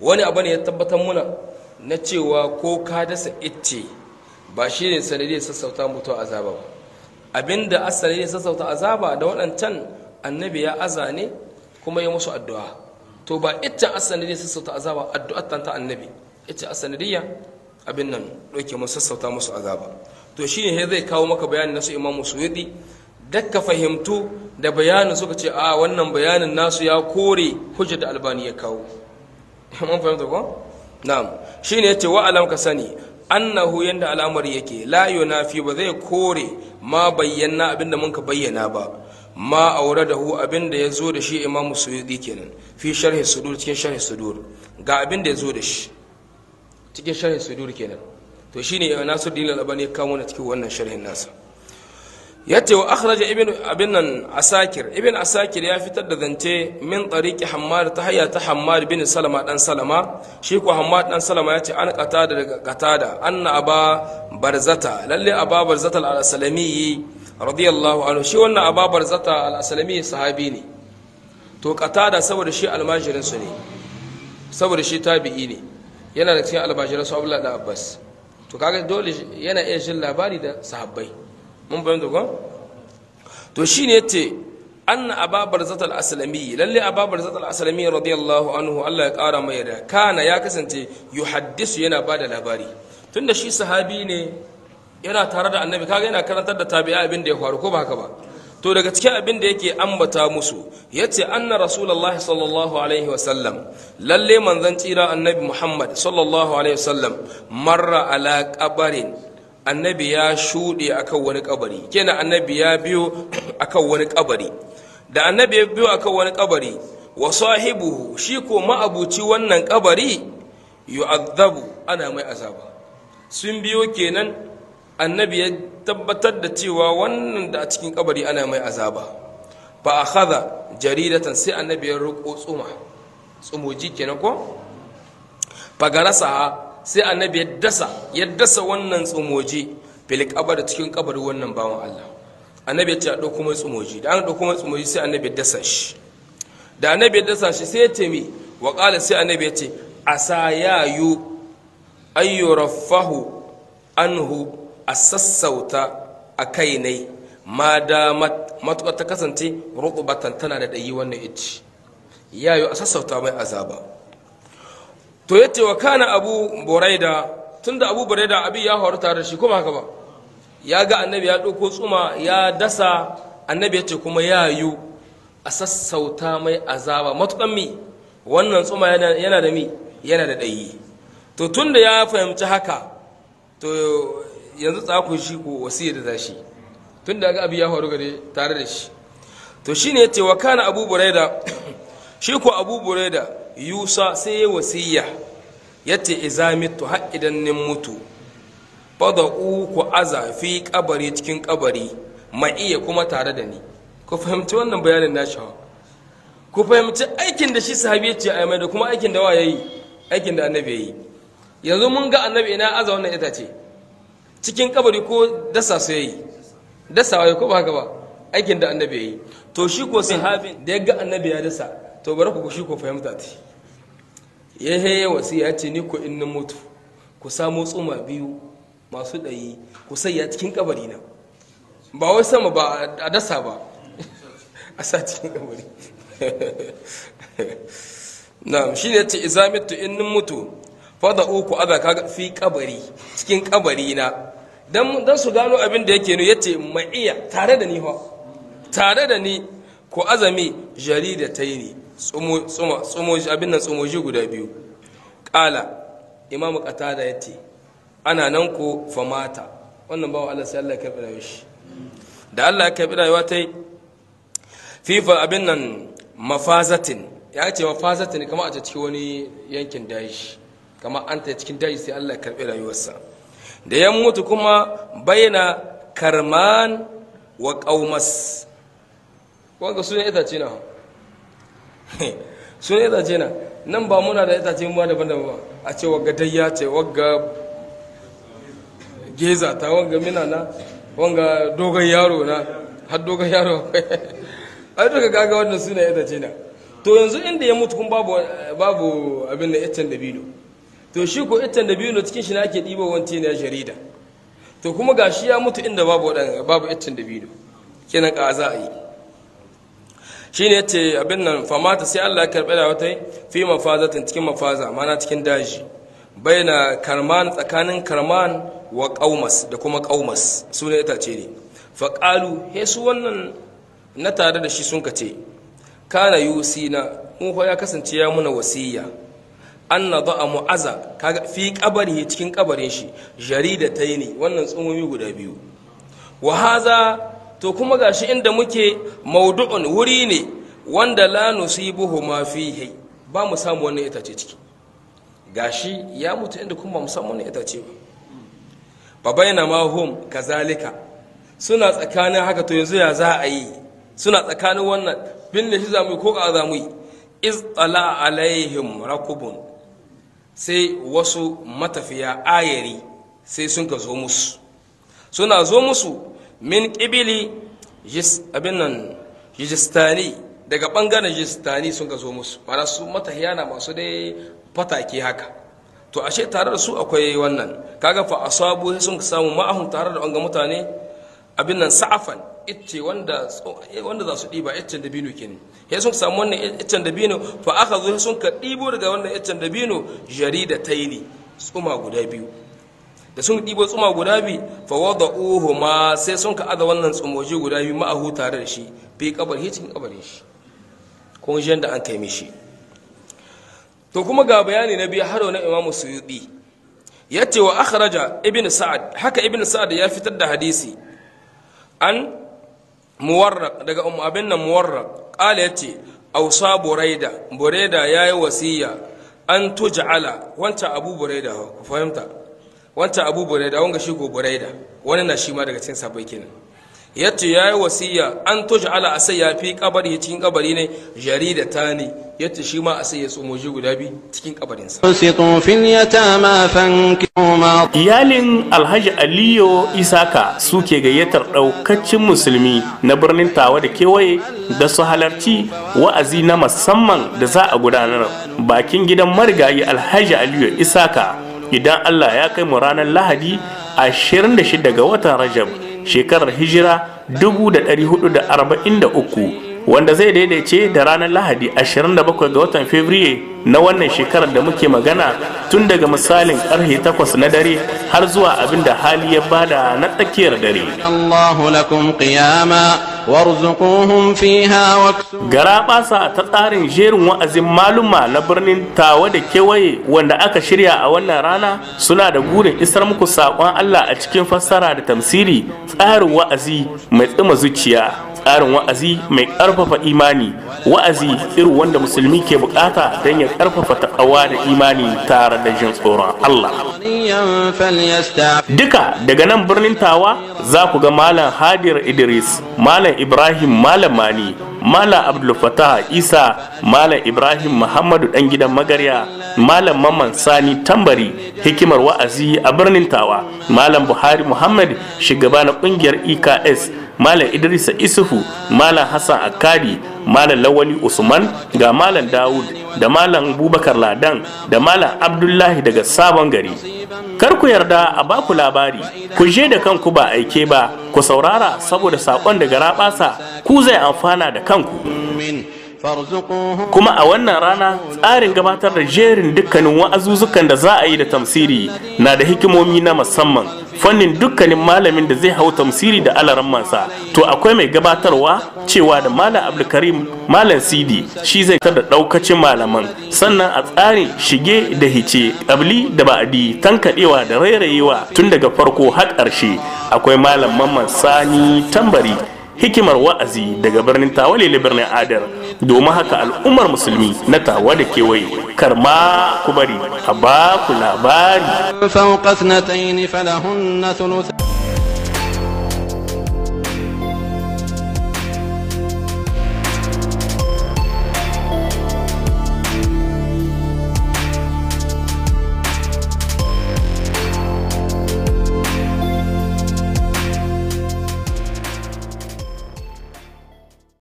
wani abu ne ya tabbatar muna na cewa ko ka dasa icce ba shi ne sanadiyar sassauta mutuwa azaba ba abinda a sanadiyar sassauta azaba da waɗancan annabi ya aza ne kuma ya musu addu'a to ba iccen a sanadiyar sassauta azaba addu'ar ta annabi iccen a sanadiyar abin nan ɗauke mu sassauta musu azaba to shi ne zai kawo maka bayanin nasu imamu suyuɗi Daka fahimtu da bayanin suka ce a wannan bayanin nasu ya kore hujjar da albani ya kawo mun fahimta ko na'am shine yace wa alam ka sani annahu yanda al'amari yake la yunafi ba zai kore ma bayyana abinda mun ka bayyana ba ma da hu abinda ya zo da shi imamu suyudi kenan fi sharhi sudur cikin sharhi sudur ga abinda ya zo da shi cikin sharhi sudur kenan to shine nasiruddin al-albani kawo na cikin wannan sharhin nasa ya ce wa akhraja ibn abin nan asakir ibn asakir ya fitar da zance min tsariki hammar ta hayya ta hammar bin salama dan salama shi ko hammar dan salama ya ce an kata da daga qatada anna aba barzata lalle aba barzata al-aslami radiyallahu anhu shi wannan aba barzata al-aslami sahabi ne to kata da saboda shi almajirin su ne saboda shi tabi'i ne yana da cikin almajirin su Abdullah da Abbas to kaga dole yana iya jin labari da sahabbai mun bayyana ko to shine yace anna aba barzat al-aslami lalle aba barzat al-aslami radiyallahu anhu Allah ya kara mai kana ya kasance yuhaddisu yana bada labari tunda shi sahabi ne yana tare da annabi kaga yana karantar da tabi'a abin da ya faru ko ba haka ba to daga cikin abin da yake ambata musu yace anna rasulullahi sallallahu alaihi wasallam lalle manzon tsira annabi muhammad sallallahu alaihi sallam, marra ala qabarin annabi ya shuɗe a kan wani kabari kenan annabi ya biyo a kan wani kabari da annabi ya biyo a kan wani kabari wa sahibuhu shi ko ma'abuci wannan kabari yu'adhabu ana mai azaba sun biyo kenan annabi ya tabbatar da cewa wannan da a cikin kabari ana mai azaba fa akhadha jaridatan sai annabi ya roƙo tsuma tsumoji kenan ko fagarasa sai annabi ya dasa ya dasa wannan tsumoji fil kabar cikin kabar wannan bawan Allah annabi ya ce a dauko mai tsumoji da an dauko mai tsumoji sai annabi ya dasa shi da annabi ya dasa shi sai ya temi Waƙala wa qala sai annabi ya ce asa ya yu ayyurafahu anhu a sassauta a kai ne, ma da matuƙar ta kasance rukubatan tana da ɗayi wannan ya yi a sassauta mai azaba to yace wa kana abu buraida tunda abu buraida abi ya faru tare da shi kuma haka ba ya ga annabi ya ɗauko tsuma ya dasa annabi ya ce kuma ya yu a sassauta mai azaba matukan mi wannan tsuma yana da mi yana da ɗayi to tunda ya fahimci haka to yanzu tsaku shi ko wasiya da tashi tunda ga abu ya faru gare tare da shi to shine ce wa kana abu buraida shi ko abu buraida yusa sai ya wasiya ya ce izamitu har idan nin mutu fada uku aza fi kabari cikin kabari ma iya kuma tare da ni ku fahimci wannan bayanin nashi ku fahimci aikin da shi sahabi ce a mai da kuma aikin da waye yi aikin da annabi yayi yanzu mun ga annabi ina aza wannan itace cikin kabari ko dasa su yayi waye ko ba haka ba aikin da annabi yayi to shi ko sahabin da ya ga annabi ya dasa to bari ku shi ku fahimta ta ya haya ya ce ni ko in na mutu ku samo tsuma biyu masu ɗayi ku sayya cikin kabari na ba wai sama ba a dasa ba a sa cikin kabari na shi ne ce izamitu in mutu fada uku aza ka fi kabari cikin kabari na dan su gano abin da yake ya yace ma'iya tare da ni tare da ni ko azami jarida ta yi abin nan tsumoji guda biyu ƙala imamu qatada ya ce ana nan ko famata wannan bawa Allah sai Allah ya karɓi rayuwa shi da Allah ya karɓi rayuwa ta yi fifa abin nan mafazatin ya ce mafazatin kamar a cikin wani yankin daji kamar an ta cikin daji sai Allah ya karɓi rayuwarsa da ya mutu kuma bayyana karman wa ƙaumas wanga su ne itace na su ne itace na nan ba muna da itace muwa daban-daban ba a ce wagga dayya ce wagga geza ta wagga mina na wanga dogon yaro na har dogon yaro ai duka gaga wannan su ne ce na to yanzu inda ya mutu kun babu babu abin da da dabino to shi ko da dabino cikin shi na ake ɗibo wanti ne jarida to kuma gashi ya mutu inda babu babu da dabino kenan ka za a yi shine ce abin nan famata sai Allah ya karbe da wata fi mafazatin cikin mafaza mana cikin daji baina karman tsakanin karman wa qaumas da kuma qaumas sune itace ne fa qalu he su wannan na tare da shi sun kace kana yusina mu ya kasance ya muna wasiya an na a mu'aza kaga fi kabari cikin kabarin shi jarida ta yi ne wannan tsumomi guda biyu Wahaza. to kuma gashi inda muke maudu'un wuri ne wanda la nusibuhu ma fihi ba mu samu wannan itace ciki gashi ya mutu inda kuma mu samu wannan itace ba fa ma hum kazalika suna tsakanin haka to yanzu ya za a yi suna tsakanin wannan bin da shi zamu ko ka zamu yi iz tala alaihim rakubun sai wasu matafiya ayari sai sun ka zo musu suna zo musu min ƙibili abin jistani daga ɓangaren jistani sun ka zo musu mana su matahiya na masu dai fataki haka to ashe tare da su akwai wannan kaga fa asabu sun samu ma'ahun tare da wanga mutane abin nan sa'afan icce wanda eh, wanda za su ɗiba iccen binu kenan he sun samu wannan iccen binu fa aka zo sun ka ɗibo daga wannan iccen dabino jarida taini tsuma guda biyu da sun ɗibo tsuma guda biyu fawada uhu ma sai sun ka aza wannan tsumoji guda biyu ma'ahu tare da shi fi kabar shi cikin kabarin shi ko shi da an kai mishi to kuma ga bayani na biyu haro na imamu suyuɗi ya ce wa akhraja ibn sa'ad haka ibn sa'ad ya fitar da hadisi an muwarraq daga ummu abin nan muwarraq qala ya ce ausa buraida buraida yayi wasiya an tuj'ala wancan abu buraida ku fahimta wancan abu da wanga shi go buraida wani na shi ma daga cikin sabai kenan yace yayi wasiya an ala asayya fi kabari cikin kabari ne jarida tani yace shi ma asai ya tsumoji guda bi cikin kabarin sa situ fil yatama ma iyalin alhaji aliyo isaka suke gayyatar daukacin musulmi na birnin tawa da kewaye da su halarci wa'azi na musamman da za a gudanar bakin gidan marigayi alhaji aliyo isaka idan Allah ya kai mu ranar Lahadi 26 ga watan Rajab shekarar hijira 1443 wanda zai daidaice da ranar Lahadi 27 ga watan Fabriye na wannan shekarar da muke magana tun daga misalin karhe 8 na dare har zuwa abin da hali ya bada na tsakiyar dare. Allahu lakum qiyama warzuquhum fiha waksu gara basa ta tsarin jerin wa'azin maluma na birnin tawa da kewaye wanda aka shirya a wannan rana suna da burin isar muku saƙon Allah a cikin fassara da tamsiri tsarin wa'azi mai tsima zuciya ƙarin wa'azi mai ƙarfafa imani wa'azi irin wanda musulmi ke bukata don ya ƙarfafa ta'awa da imani tare da jin tsoron Allah duka daga nan birnin tawa za ku ga malam hadir idris malam ibrahim malam mani malam abdul fatah isa malam ibrahim muhammadu dan gidan magarya malam mamman sani tambari hikimar wa'azi a birnin tawa malam buhari muhammad shugaba na ƙungiyar eks malam idrisa isufu malam hassan akari malam lawali usman ga malam dawud da malam bubakar ladan da malam abdullahi daga sabon gari kar ku yarda a baku labari ku je da kanku ba aike ba ku saurara saboda saƙon daga rabasa ku zai amfana da kanku kuma a wannan rana tsarin gabatar da jerin dukkanin wa'azuzukan da za a yi da tamsiri na da hikimomi na musamman fannin dukkanin malamin da zai hau tamsiri da alaran masa to akwai mai gabatarwa cewa da malam abdulkarim malam sidi shi zai tar da daukacin malaman sannan a tsarin shige da hice abli da ba'adi tankadewa da rairayewa tun daga farko har ƙarshe akwai malam mamman sani tambari hikimar wa'azi daga birnin na birnin adar domin haka al'ummar musulmi na tawa da kewaye karma ku bari a ba ku labari